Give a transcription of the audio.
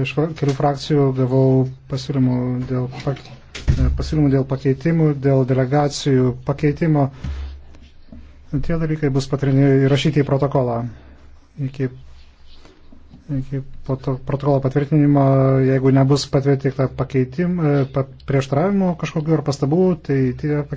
iš kelių frakcijų gavau pasiūlymų dėl, e, pasiūlymų dėl pakeitimų, dėl delegacijų pakeitimo. Tie dalykai bus patrinė, įrašyti į protokolą. Iki, iki poto, protokolo patvirtinimo, jeigu nebus patvirtinta pakeitim, e, prieštaravimų kažkokiu ar pastabų, tai tie pakeitimai.